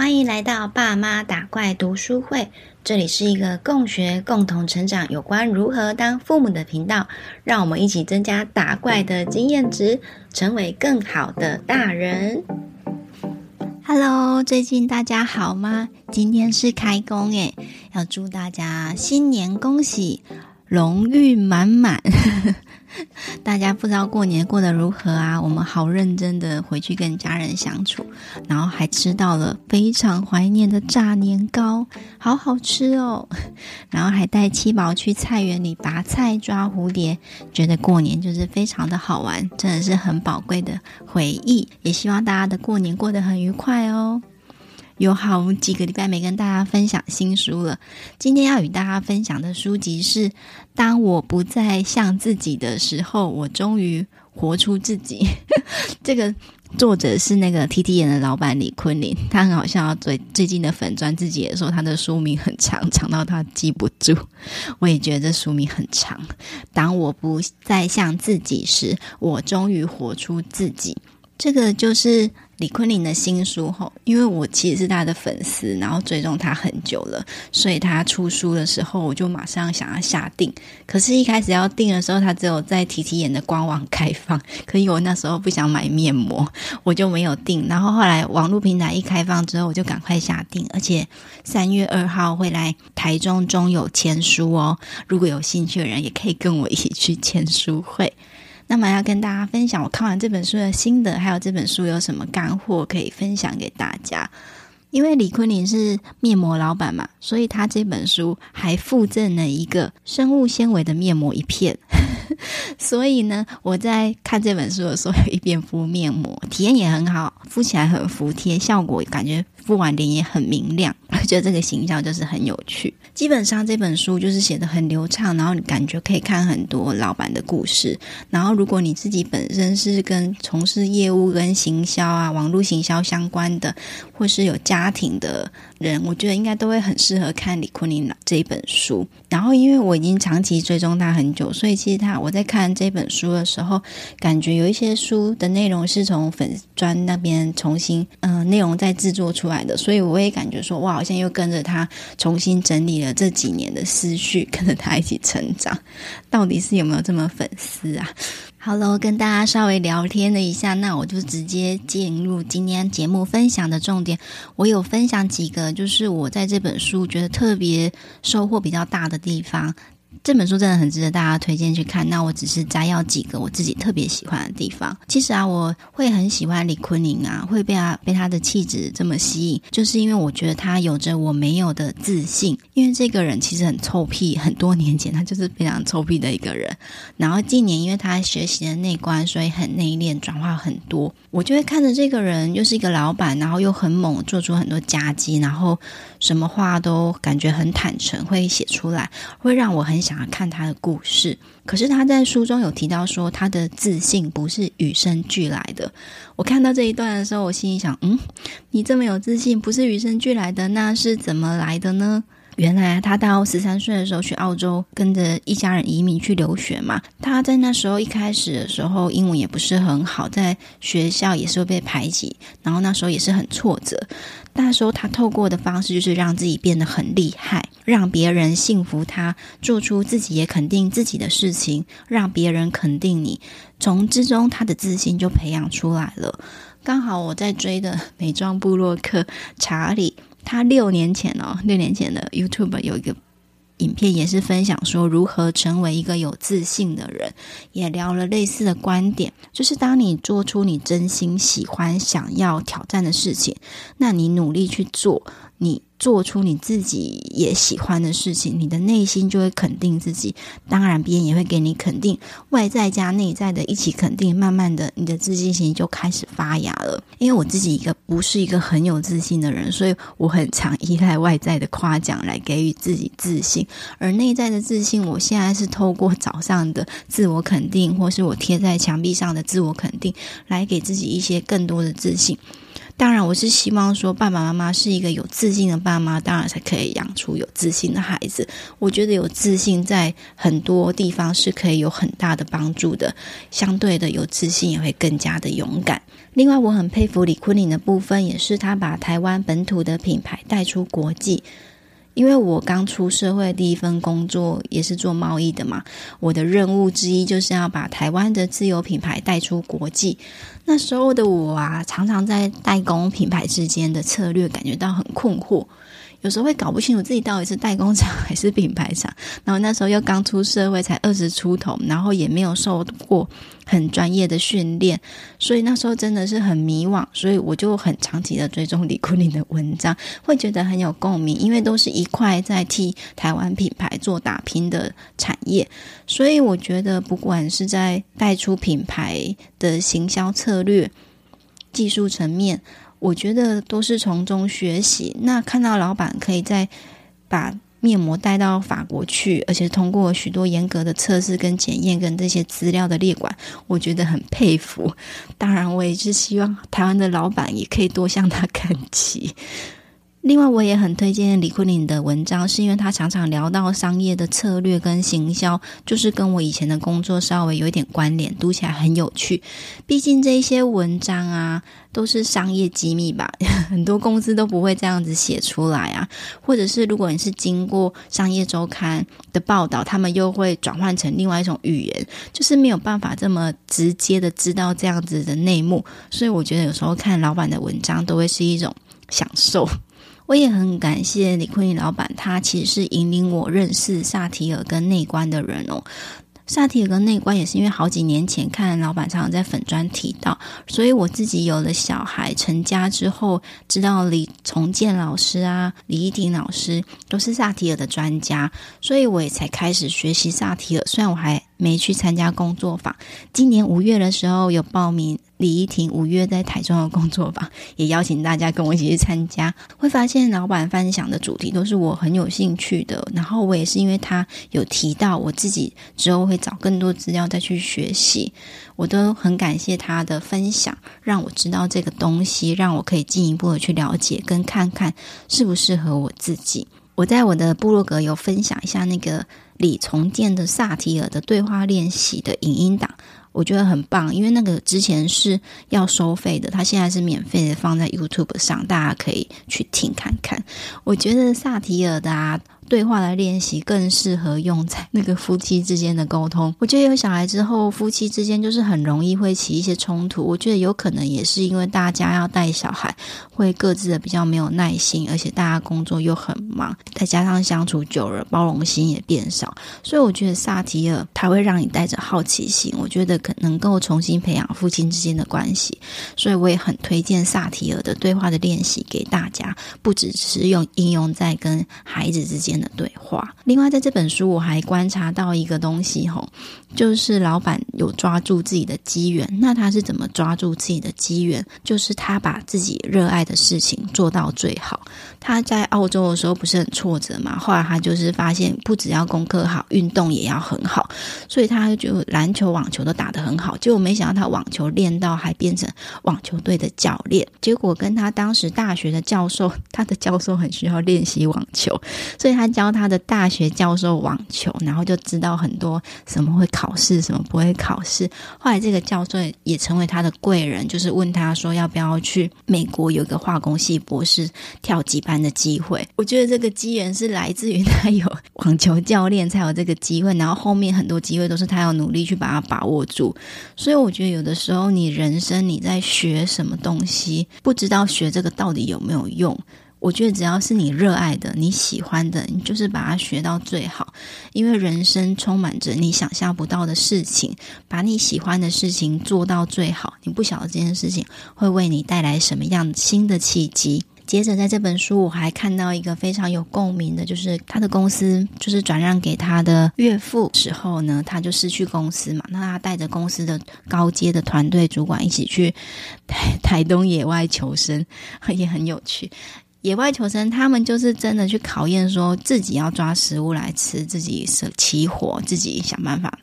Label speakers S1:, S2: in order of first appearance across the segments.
S1: 歡迎來到爸媽打怪讀書會，這裡是一個共學、共同成長有關如何當父母的頻道，讓我們一起增加打怪的經驗值，成為更好的大人。Hello，最近大家好嗎？今天是開工耶，要祝大家新年恭喜！榮譽滿滿，呵呵，大家不知道過年過得如何啊？我們好認真的回去跟家人相處，然後還吃到了非常懷念的炸年糕，好好吃哦！然後還帶七寶去菜園裡拔菜、抓蝴蝶，覺得過年就是非常的好玩，真的是很寶貴的回憶。也希望大家的過年過得很愉快哦。有好幾個禮拜沒跟大家分享新書了，今天要與大家分享的書籍是《當我不再像自己的時候，我終於活出自己。》 這個作者是那個提提研的老闆李昆霖，他很好笑。最最近的粉專自己也說，他的書名很長，長到他記不住。我也覺得這書名很長，《當我不再像自己時，我終於活出自己》。這個就是。李昆霖的新書吼，因為我其實是他的粉絲，然後追蹤他很久了，所以他出書的時候，我就馬上想要下訂。可是，一開始要訂的時候，他只有在提提研的官網開放，可是我那時候不想買面膜，我就沒有訂。然後後來網絡平台一開放之後，我就趕快下訂。而且三月二號會來台中中友簽書哦，如果有興趣的人也可以跟我一起去簽書會。那麼要跟大家分享我看完這本書的心得，還有這本書有什麼乾貨可以分享給大家。因為李昆霖是面膜老板嘛，所以他這本書還附贈了一個生物纖維的面膜一片。 所以呢，我在看這本書的時候，一邊敷面膜，體驗也很好，敷起來很服帖，效果感覺。不晚點也很明亮，我覺得這個形象，就是很有趣。基本上這本書就是寫得很流暢，然後你感覺可以看很多腦闆的故事。然後如果你自己本身是跟從事業務跟行銷啊、網絡行銷相關的，或是有家庭的。人，我覺得應該都會很適合看李昆霖這一本書。然後，因為我已經長期追蹤他很久，所以其實他我在看這本書的時候，感覺有一些書的內容是從粉專那邊重新嗯、呃、內容再制作出來的，所以我也感覺說，哇，好像又跟着他重新整理了這幾年的思緒，跟着他一起成長。到底是有沒有這麼粉絲啊？哈嘍，Hello, 跟大家稍微聊天了一下，那我就直接進入今天節目分享的重點。我有分享幾個，就是我在這本書覺得特別收穫比較大的地方。這本書真的很值得大家推薦去看。那我只是摘要幾個我自己特別喜歡的地方。其實啊，我會很喜歡李昆霖啊，會被他、啊、被他的氣質這麼吸引，就是因為我覺得他有着我沒有的自信。因為這個人其實很臭屁，很多年前他就是非常臭屁的一個人。然後近年因為他學習的內觀，所以很內斂，轉化很多。我就會看着這個人又是一個老闆，然後又很猛，做出很多佳績，然後什麼話都感覺很坦誠，會寫出來，會讓我很想。想要看他的故事，可是他在書中有提到說，他的自信不是與生俱來的。我看到這一段的時候，我心裡想，嗯，你這麼有自信，不是與生俱來的，那是怎麼來的呢？原來他到十三歲的時候去澳洲，跟着一家人移民去留學嘛。他在那時候一開始的時候，英文也不是很好，在學校也是會被排擠，然後那時候也是很挫折。那時候他透過的方式就是讓自己變得很厲害，讓別人信服他，做出自己也肯定自己的事情，讓別人肯定你。從之中，他的自信就培養出來了。剛好我在追的美妝部落客查理，他六年前哦，六年前的 YouTube 有一個影片，也是分享說如何成為一個有自信的人，也聊了類似的觀點，就是當你做出你真心喜歡、想要挑戰的事情，那你努力去做。你做出你自己也喜歡的事情，你的內心就會肯定自己。當然，別人也會給你肯定，外在加內在的一起肯定，慢慢的，你的自信心就開始發芽了。因為我自己一個不是一個很有自信的人，所以我很常依賴外在的誇獎來給予自己自信，而內在的自信，我現在是透過早上的自我肯定，或是我貼在牆壁上的自我肯定，來給自己一些更多的自信。當然，我是希望說，爸爸媽媽是一個有自信的爸媽，當然才可以養出有自信的孩子。我覺得有自信在很多地方是可以有很大的幫助的，相對的有自信也會更加的勇敢。另外，我很佩服李昆霖的部分，也是他把台灣本土的品牌帶出國際。因為我剛出社會，第一份工作也是做貿易的嘛，我的任務之一就是要把台灣的自有品牌帶出國際。那時候的我啊，常常在代工品牌之間的策略感覺到很困惑。有時候會搞不清楚自己到底是代工廠還是品牌廠，然後那時候又剛出社會，才二十出頭，然後也沒有受過很專業的訓練，所以那時候真的是很迷惘。所以我就很長期的追蹤李昆霖的文章，會覺得很有共鳴，因為都是一塊在替台灣品牌做打拼的產業。所以我覺得，不管是在帶出品牌的行銷策略、技術層面。我覺得都是從中學習。那看到老板可以再把面膜帶到法國去，而且通過許多嚴格的測試跟檢驗，跟這些資料的列管，我覺得很佩服。當然，我也是希望台灣的老板也可以多向他看齊。另外，我也很推薦李昆霖的文章，是因為他常常聊到商業的策略跟行銷，就是跟我以前的工作稍微有一點關聯，讀起來很有趣。畢竟這些文章啊，都是商業機密吧，很多公司都不會這樣子寫出來啊。或者是如果你是經過商業周刊的報道，他們又會轉換成另外一種語言，就是沒有辦法這麼直接的知道這樣子的內幕。所以我覺得有時候看老板的文章都會是一種享受。我也很感謝李昆霖老闆，他其實是引領我認識薩提爾跟內觀的人哦。薩提爾跟內觀也是因為好幾年前看老闆常常在粉專提到，所以我自己有了小孩成家之後，知道李崇建老師啊、李儀婷老師都是薩提爾的專家，所以我也才開始學習薩提爾。雖然我還沒去參加工作坊。今年五月的時候有報名李儀婷五月在台中的工作坊，也邀請大家跟我一起去參加。會發現老闆分享的主題都是我很有興趣的，然後我也是因為他有提到，我自己之後會找更多資料再去學習。我都很感謝他的分享，讓我知道這個東西，讓我可以進一步的去了解跟看看適不適合我自己。我在我的部落格有分享一下那個李崇建的薩提爾的對話練習的影音檔，我覺得很棒，因為那個之前是要收費的，他現在是免費的，放在 YouTube 上，大家可以去聽看看。我覺得薩提爾的、啊。對話來練習更適合用在那個夫妻之間的溝通。我覺得有小孩之後，夫妻之間就是很容易會起一些衝突。我覺得有可能也是因為大家要帶小孩，會各自的比較沒有耐心，而且大家工作又很忙，再加上相處久了，包容心也變少。所以我覺得薩提爾他會讓你帶着好奇心，我覺得可能夠重新培養夫妻之間的關係。所以我也很推薦薩提爾的對話的練習給大家，不只是用應用在跟孩子之間。對話。另外，在這本書我還觀察到一個東西，吼。就是老闆有抓住自己的機緣，那他是怎麼抓住自己的機緣？就是他把自己熱愛的事情做到最好。他在澳洲的時候不是很挫折嘛後來他就是發現，不只要功課好，運動也要很好，所以他就籃球、網球都打得很好。結果沒想到他網球練到還變成網球隊的教練。結果跟他當時大學的教授，他的教授很需要練習網球，所以他教他的大學教授網球，然後就知道很多什麼會考。考試什麼不會考試？後來這個教授也成為他的貴人，就是問他說要不要去美國有一個化工系博士跳級班的機會。我覺得這個機緣是來自於他有網球教練，才有這個機會，然後後面很多機會都是他要努力去把它把握住。所以我覺得有的時候你人生你在學什麼東西，不知道學這個到底有沒有用。我覺得只要是你熱愛的、你喜歡的，你就是把它學到最好。因為人生充滿着你想象不到的事情，把你喜歡的事情做到最好，你不曉得這件事情會為你帶來什麼樣新的契機。接着，在這本書我還看到一個非常有共鳴的，就是他的公司就是轉讓給他的岳父時候呢，他就失去公司嘛。那他帶着公司的高階的團隊主管一起去台台東野外求生，也很有趣。野外求生，他們就是真的去考驗，說自己要抓食物來吃，自己生起火，自己想辦法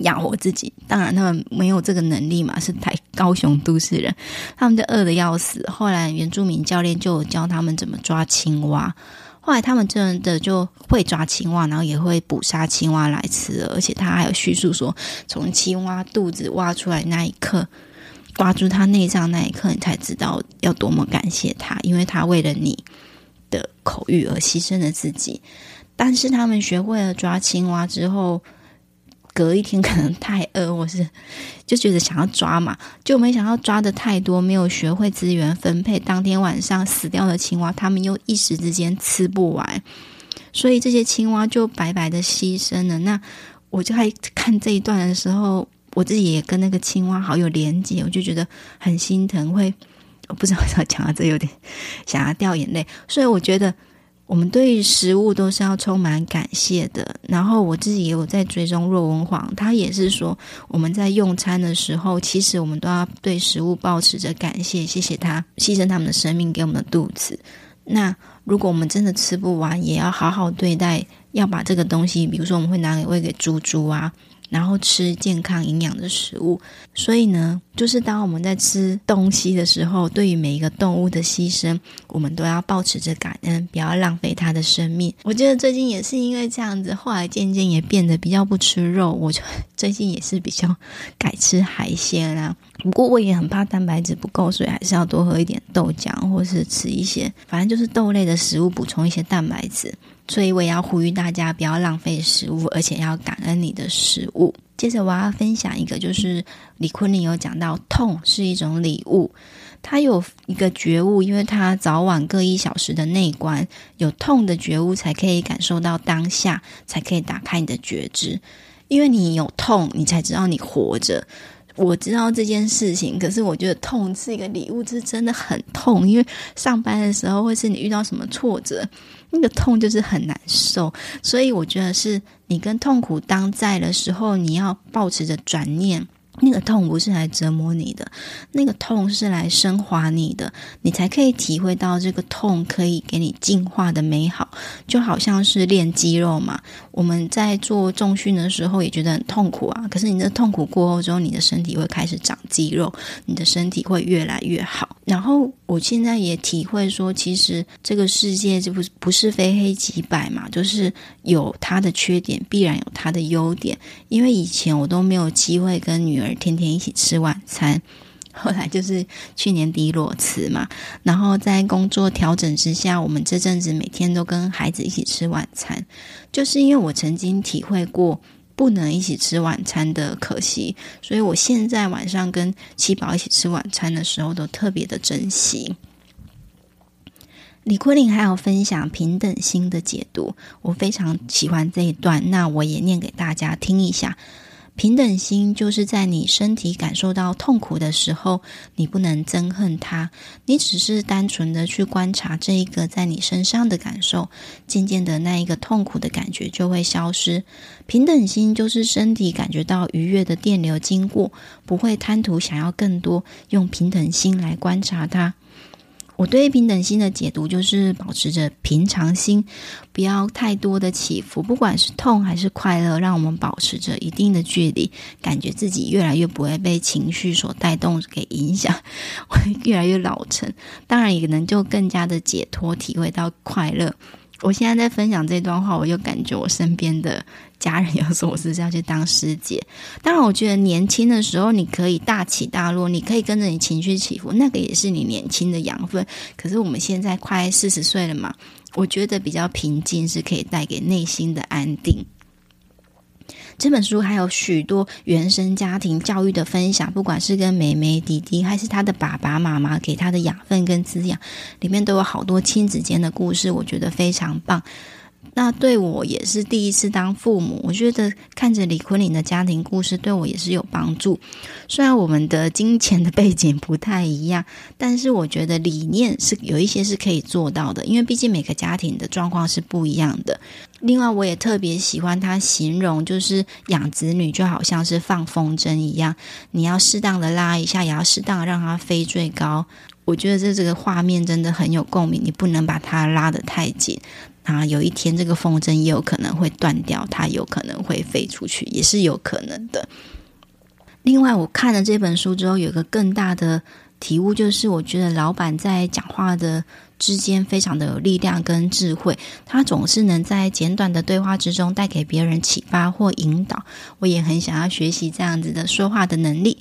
S1: 養活自己。當然，他們沒有這個能力嘛，是太高雄都市人，他們就餓得要死。後來原住民教練就教他們怎麼抓青蛙，後來他們真的就會抓青蛙，然後也會捕殺青蛙來吃。而且他還有敘述說，從青蛙肚子挖出來那一刻。抓住他內臟那一刻，你才知道要多麼感謝他，因為他為了你的口欲而犧牲了自己。但是他們學會了抓青蛙之後，隔一天可能太餓，或是就覺得想要抓嘛，就沒想到抓的太多，沒有學會資源分配。當天晚上死掉的青蛙，他們又一時之間吃不完，所以這些青蛙就白白的犧牲了。那我就在看這一段的時候，我自己也跟那個青蛙好有連結，我就覺得很心疼。會我不知道怎麼講到這，有點想要掉眼淚。所以我覺得我們對於食物都是要充滿感謝的。然後我自己也有在追蹤若文煌，他也是說我們在用餐的時候，其實我們都要對食物抱持着感謝，謝謝他犧牲他們的生命給我們的肚子。那如果我們真的吃不完，也要好好對待，要把這個東西，比如說我們會拿給餵給豬豬啊。然後吃健康營養的食物，所以呢，就是當我們在吃東西的時候，對於每一個動物的犧牲，我們都要保持着感恩，不要浪費它的生命。我覺得最近也是因為這樣子，後來漸漸也變得比較不吃肉，我就最近也是比較改吃海鮮啦。不過我也很怕蛋白質不夠，所以還是要多喝一點豆漿，或是吃一些，反正就是豆類的食物，補充一些蛋白質。所以我也要呼籲大家不要浪費食物，而且要感恩你的食物。接着我要分享一個，就是李昆霖有講到，痛是一種禮物，他有一個覺悟，因為他早晚各一小時的內觀，有痛的覺悟才可以感受到當下，才可以打開你的覺知，因為你有痛，你才知道你活着。我知道這件事情，可是我覺得痛是一個禮物，是真的很痛。因為上班的時候，或是你遇到什麼挫折，那個痛就是很難受。所以我覺得，是你跟痛苦當在的時候，你要保持着轉念。那個痛不是來折磨你的，那個痛是來升華你的，你才可以體會到這個痛可以給你進化的美好，就好像是練肌肉嘛。我們在做重訓的時候也覺得很痛苦啊，可是你的痛苦過後之後，你的身體會開始長肌肉，你的身體會越來越好，然後。我現在也體會說，其實這個世界就不不是非黑即白嘛，就是有它的缺點，必然有它的優點。因為以前我都沒有機會跟女兒天天一起吃晚餐，後來就是去年底裸辭嘛，然後在工作調整之下，我們這陣子每天都跟孩子一起吃晚餐，就是因為我曾經體會過。不能一起吃晚餐的可惜，所以我現在晚上跟七寶一起吃晚餐的時候都特別的珍惜。李奎林還有分享平等心的解讀，我非常喜歡這一段，那我也念給大家聽一下。平等心就是在你身體感受到痛苦的時候，你不能憎恨它。你只是單純的去觀察這一個在你身上的感受，漸漸的那一個痛苦的感覺就會消失。平等心就是身體感覺到愉悅的電流經過，不會貪圖想要更多，用平等心來觀察它。我對平等心的解讀，就是保持着平常心，不要太多的起伏，不管是痛還是快樂，讓我們保持着一定的距離，感覺自己越來越不會被情緒所帶動給影響，會越來越老成，當然也能就更加的解脫，體會到快樂。我現在在分享這段話，我又感覺我身邊的家人有時候我是不是要去當師姐？當然，我覺得年輕的時候你可以大起大落，你可以跟着你情緒起伏，那個也是你年輕的養分。可是我們現在快四十歲了嘛，我覺得比較平靜是可以帶給內心的安定。這本書還有許多原生家庭教育的分享，不管是跟妹妹、弟弟，還是他的爸爸媽媽給他的養分跟滋養，裡面都有好多親子間的故事，我覺得非常棒。那對我也是第一次當父母，我覺得看着李昆霖的家庭故事，對我也是有幫助。雖然我們的金錢的背景不太一樣，但是我覺得理念是有一些是可以做到的，因為畢竟每個家庭的狀況是不一樣的。另外，我也特別喜歡他形容，就是養子女就好像是放風箏一樣，你要適當的拉一下，也要適當的讓它飛最高。我覺得這這個畫面真的很有共鳴，你不能把它拉得太緊，啊，有一天這個風箏也有可能會斷掉，它有可能會飛出去，也是有可能的。另外，我看了這本書之後，有個更大的。體悟就是，我覺得老闆在講話的之間非常的有力量跟智慧，他總是能在簡短的對話之中帶給別人啟發或引導。我也很想要學習這樣子的說話的能力。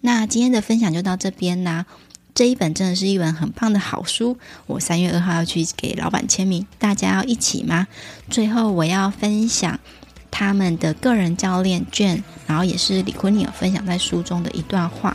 S1: 那今天的分享就到這邊啦、啊，這一本真的是一本很棒的好書。我三月二號要去給老闆簽名，大家要一起嗎？最後我要分享他們的個人教練卷，然後也是李昆霖分享在書中的一段話。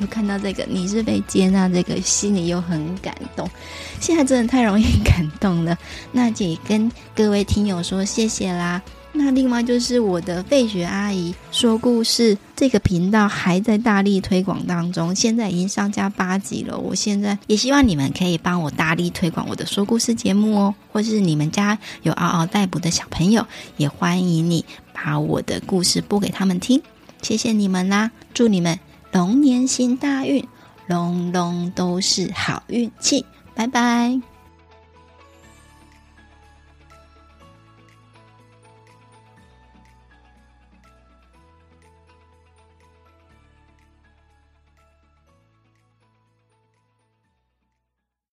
S1: 就看到這個，你是被接納，這個心裡又很感動。現在真的太容易感動了。那也跟各位聽友說謝謝啦。那另外就是我的費雪阿姨說故事這個頻道還在大力推廣當中，現在已經上架八集了。我現在也希望你們可以幫我大力推廣我的說故事節目哦，或是你們家有嗷嗷待哺的小朋友，也歡迎你把我的故事播給他們聽。謝謝你們啦，祝你們。龍年行大運，龍龍都是好運氣，拜拜。